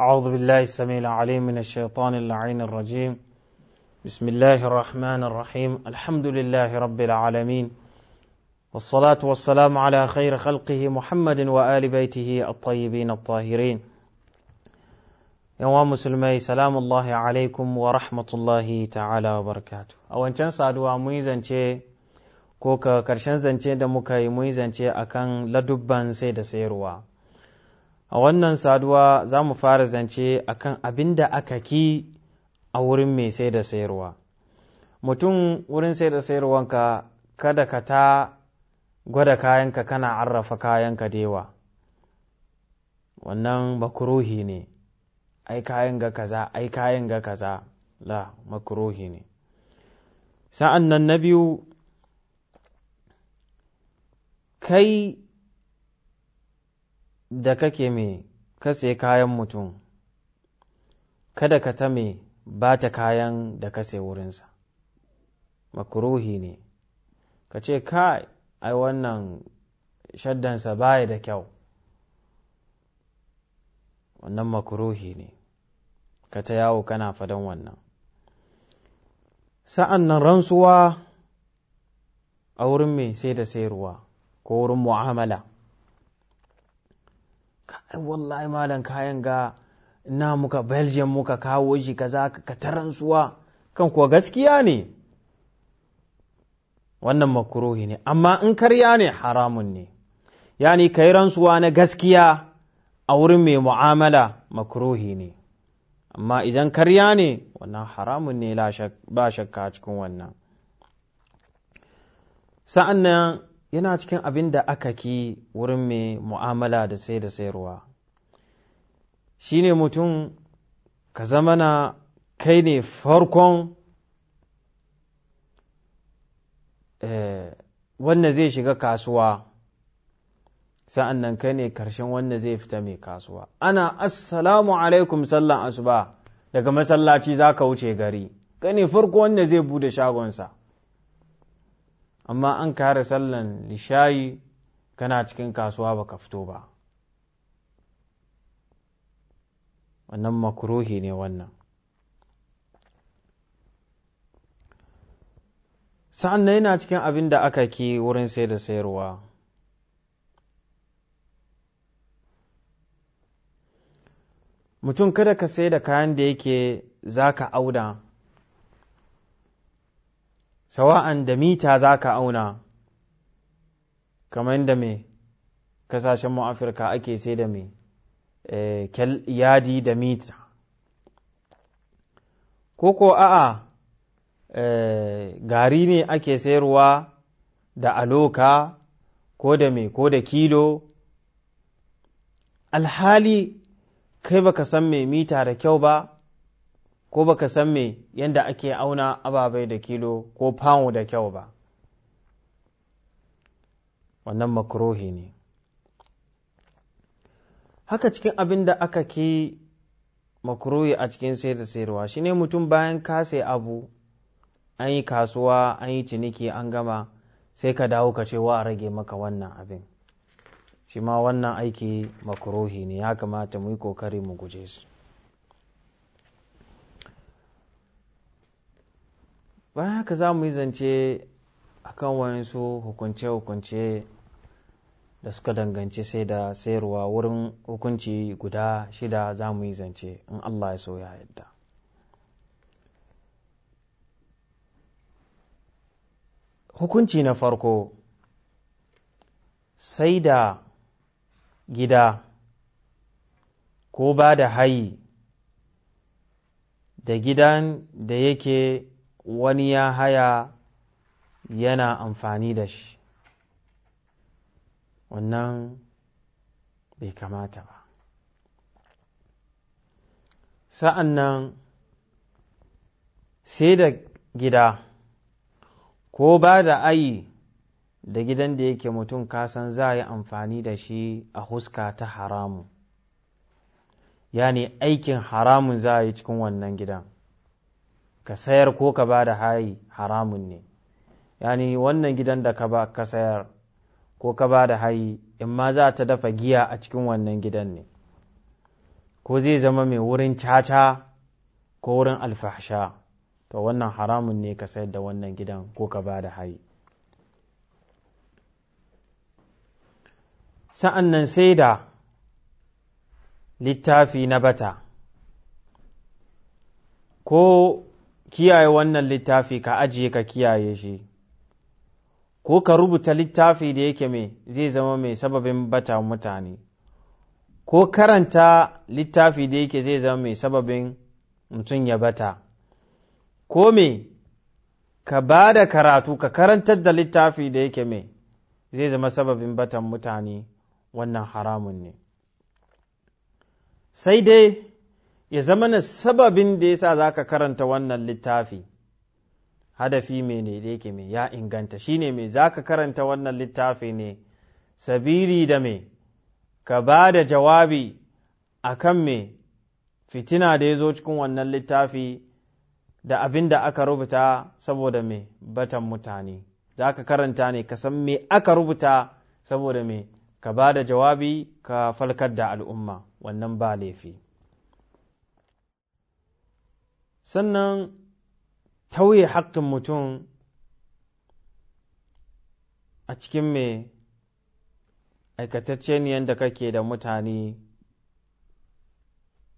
أعوذ بالله السميع العليم من الشيطان اللعين الرجيم بسم الله الرحمن الرحيم الحمد لله رب العالمين والصلاة والسلام على خير خلقه محمد وآل بيته الطيبين الطاهرين يا مسلمي سلام الله عليكم ورحمة الله تعالى وبركاته أو أن تنسى دعاء ميزان كوكا كرشان زان شيء أكان لدبان سيد سيروا a wannan saduwa za mu fara zance a kan abin da aka ki a wurin mai sai da sayarwa mutum wurin sai da sayarwanka kada ka ta gwada kayanka kana arrafa kayanka dewa wannan makuruhi ne ai kayan ga kaza ai kayan ga kaza la makuruhi ne sa'an nan na biyu kai da kake me ka kayan mutum kada ka ta me ba ta kayan da ka wurinsa makuruhi ne ka ce kai ai wannan shaddansa baya da kyau wannan makuruhi ne ka ta yawo kana fadan wannan sa'an nan ransuwa a wurin mai sai da sayarwa ko wurin mu'amala wallahi malam kayan ga na muka belgium muka kawo shi kaza ka taransuwa kan kuwa gaskiya ne wannan makuruhi ne amma in karya ne haramun ne yani ka yi rantsuwa na gaskiya a wurin mai mu'amala makuruhi ne amma idan karya ne wannan haramun ne ba shakka cikin wannan sa'an nan yana cikin abin da aka ki wurin mai mu'amala da sai da sayarwa shi ne mutum ka zamana kai ne farkon eh, wanda zai shiga kasuwa sa'an nan kai ne karshen wanda zai fita mai kasuwa ana assalamu alaikum sallan asuba daga masallaci za ka wuce gari kai ne farko wanda zai bude shagonsa amma an kare sallan lishayi kana cikin kasuwa baka fito ba wannan makuruhi ne wannan sa'an nan yana cikin abin da aka ki wurin sai da sayarwa mutum kada ka sai da kayan da yake za ka auda sawa'an da mita za ka auna kamar da mai kasashen mu afirka ake sai da mai eh, yadi da mita ko ko a'a eh, gari ne ake sayarwa da aloka ko da mai ko da kilo alhali kai baka san mai mita da kyau ba ko baka san me yadda ake auna ababai da kilo ko pound da kyau ba wannan makrohi ne haka cikin abin da aka ke makrohi a cikin sai da sayarwa shine mutum bayan ka sai abu an yi kasuwa an yi ciniki an gama sai ka dawo ka ce wa a rage maka wannan abin shi ma wannan aiki makrohi ne ya kamata mu yi kokari mu guje su bayan haka za mu yi zance a kan wayansu hukunce-hukunce da suka danganci sai da sayarwa wurin hukunci guda shida za mu yi zance in Allah ya so ya yadda hukunci na farko sai da gida ko ba da hayi da gidan da yake wani ya haya yana amfani da shi wannan bai kamata ba sa'an nan sai da gida ko ba da ayi da gidan da yake mutum kasan za a yi amfani da shi a huska ta haramu yani aikin haramun za a yi cikin wannan gidan ka sayar ko ka ba da hayi haramun ne yani wannan gidan da ka ba ka sayar ko ka ba da hayi in ma za ta dafa giya a cikin wannan gidan ne ko zai zama mai wurin caca ko wurin alfahsha to wannan haramun ne ka sayar da wannan gidan ko ka ba da hayi sa'an nan sai da littafi na bata ko kiyaye wannan littafi ka ajiye ka kiyaye shi ko ka rubuta littafi da yake mai zai zama mai sababin bata mutane ko karanta littafi da yake zai zama mai sababin mutum ya bata ko me ka ba da karatu ka karantar da littafi da yake mai zai zama sababin batan mutane wannan haramun ne sai dai ya zama na sababin da yasa za ka karanta wannan littafi hadafi mai ne da yake mai ya inganta shi ne mai za ka karanta wannan littafi ne sabiri da mai ka ba da jawabi a kan mai fitina da ya zo cikin wannan littafi da abin da aka rubuta saboda mai batan mutane za ka karanta ne ka san me aka rubuta saboda mai ka ba da jawabi ka falkar da al'umma wannan ba laifi. sannan tauye haƙƙin mutum a cikin mai aikatacce ne yadda kake da mutane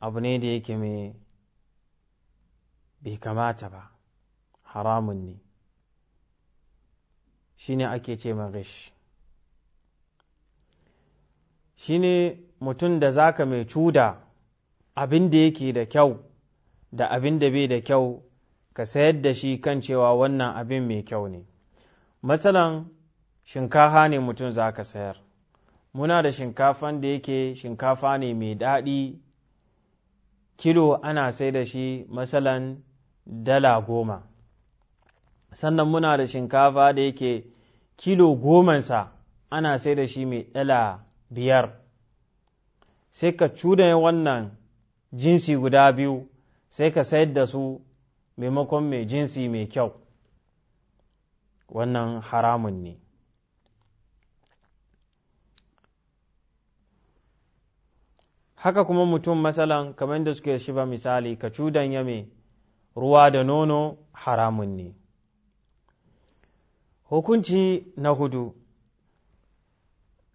abu ne da yake mai bai kamata ba haramun ne shi ne ake ce marish shi ne mutum da zaka mai cuda abin da yake da kyau da abin da bai da kyau ka sayar da shi kan cewa wannan abin mai kyau ne matsalan shinkafa ne mutum za ka sayar muna da shinkafan da yake shinkafa ne mai daɗi kilo ana sai da shi matsalan dala goma sannan muna da shinkafa da yake kilo gomansa ana sai da shi mai dala biyar sai ka cuda wannan jinsi guda biyu sai ka sayar da su maimakon mai jinsi mai kyau wannan haramun ne haka kuma mutum matsalan kamar da suke shi ba misali ka cudanya mai ruwa da nono haramun ne hukunci na hudu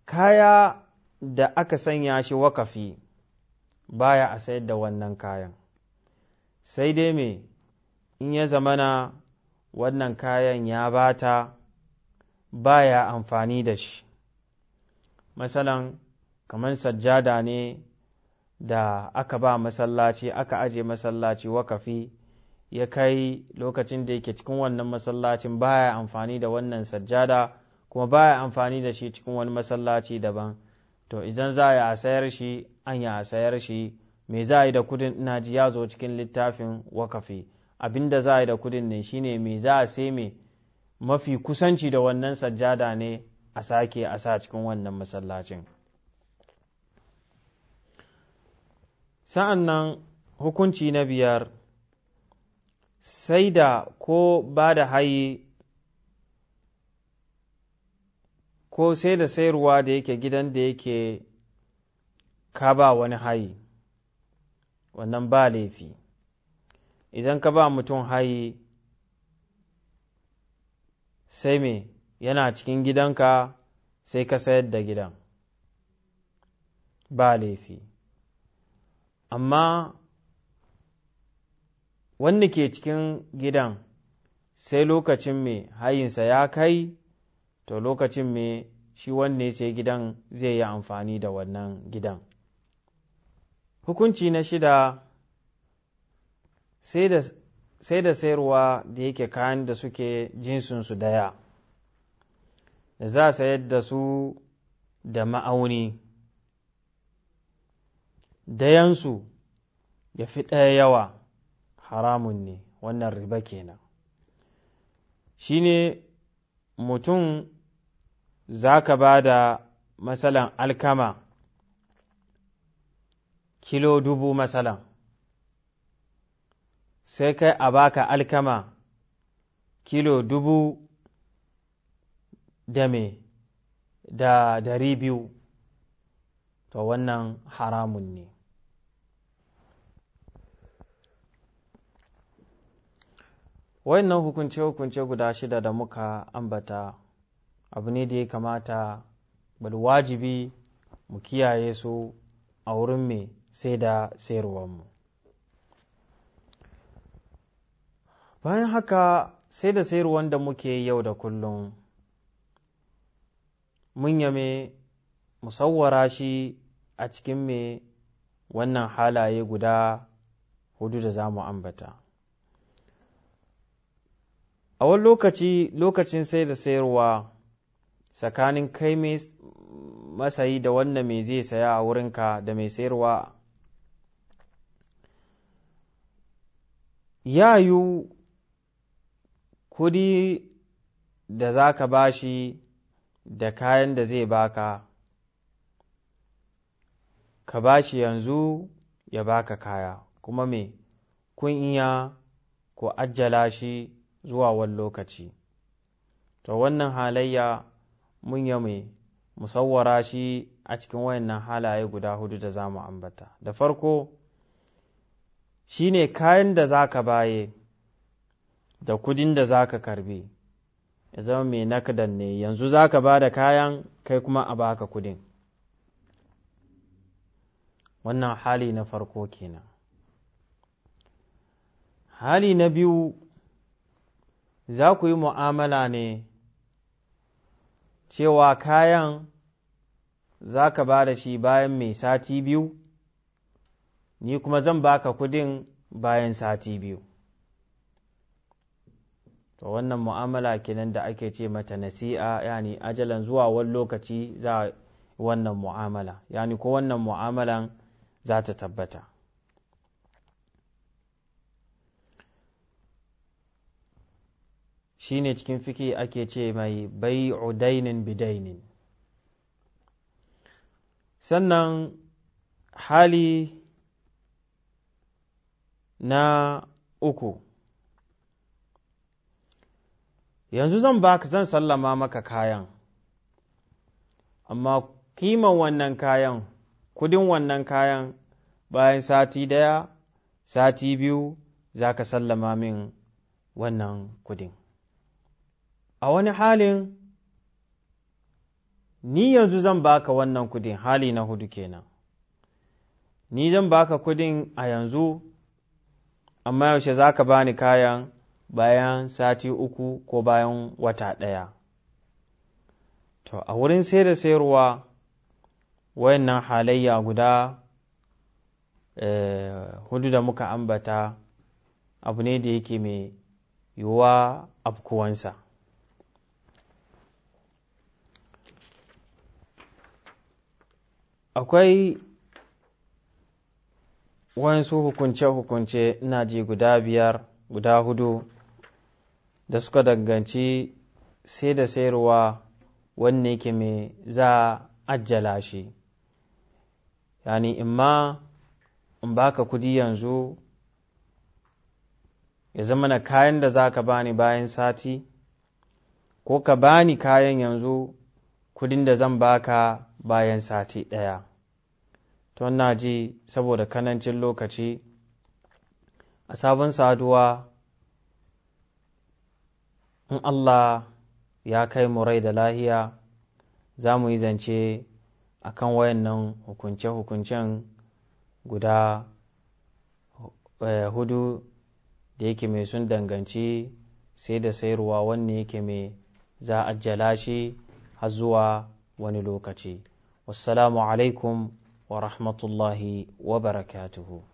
kaya da aka sanya shi wakafi baya a sayar da wannan kayan sai dai me in ya zamana wannan kayan ya bata baya amfani da shi masalan kamar sajjada ne da aka ba masallaci aka aje masallaci wakafi ya kai lokacin da yake cikin wannan masallacin baya amfani da wannan sajjada kuma baya amfani da shi cikin wani masallaci daban to idan za a sayar shi an a sayar shi me za a yi da kudin ina ji ya zo cikin littafin wakafi abin da za a yi da kudin ne shine me za a sai me mafi kusanci da wannan sajjada ne a sake a sa cikin wannan masallacin sa'annan hukunci na biyar sai da ko ba da hayi ko sai da sayarwa da yake gidan da yake kaba wani hayi wannan ba laifi idan ka ba mutum haye sai me yana cikin gidanka sai ka sayar da gidan ba laifi amma wanda ke cikin gidan sai lokacin mai hayinsa ya kai to lokacin mai shi wanne sai gidan zai yi amfani da wannan gidan hukunci na shida sai da sayarwa da yake kayan da suke jinsinsu daya da za a sayar da su da ma'auni dayansu ya fi ɗaya yawa haramun ne wannan riba kenan shi ne mutum za ka ba da matsalan alkama kilo dubu masalan sai kai a baka alkama kilo dubu da me da dari biyu to wannan haramun ne Wannan hukunce-hukunce guda shida da muka ambata abu ne da ya kamata bal wajibi mu kiyaye su a wurin mai sai da mu bayan haka sai da sayarwan da muke yau da kullum mun yame musawwara shi a cikin me wannan halaye guda hudu da za mu ambata a wani lokaci lokacin sai da sayarwa tsakanin kai masayi da wannan mai zai saya a wurinka da mai sayarwa ya yu kudi da za ka ba shi da kayan da zai baka ka ba shi yanzu ya baka kaya kuma me kun iya ko ajjala shi zuwa wani lokaci to wannan halayya mun ya mai musawwara shi a cikin wayannan halaye guda hudu da za mu ambata da farko shi ne kayan da za ka baye da kudin da za ka karbi ya zama mai nakadan ne yanzu za ka ba da kayan kai kuma a baka kudin wannan hali na farko kenan hali na biyu za ku yi mu'amala ne cewa kayan za ka ba da shi bayan mai sati biyu ni kuma zan baka kudin bayan sati biyu to wannan mu'amala kenan da ake ce mata nasi'a yani ajalan zuwa wani lokaci za wannan mu'amala yani ko wannan mu'amalan za ta tabbata shi ne cikin fiki ake ce mai bai udainin bidainin sannan hali na uku yanzu zan baka zan sallama maka kayan amma kiman wannan kayan kudin wannan kayan bayan sati daya sati biyu za ka sallama min wannan kudin a wani halin ni yanzu zan baka wannan kudin hali na hudu kenan ni zan baka kudin a yanzu amma yaushe za ka bani kayan bayan sati uku ko bayan wata ɗaya to a wurin sai da sayarwa wayannan halayya guda eh, hudu da muka ambata abu ne da yake mai yiwuwa afkuwansa akwai waɗansu hukunce-hukunce ina ji guda biyar guda hudu da suka danganci sai da sayarwa wanne ke mai za a ajjala shi yani imma in baka kudi yanzu ya zama na kayan da za ka bani bayan sati ko ka bani kayan yanzu kudin da zan baka bayan sati ɗaya to na ji saboda kanancin lokaci a sabon saduwa in Allah ya kai mu rai da lahiya za mu yi zance a kan wayannan hukunce-hukuncen guda eh, hudu da yake mai sun danganci sai da sayarwa wanne yake mai za a jala shi har zuwa wani lokaci wassalamu alaikum ورحمة الله وبركاته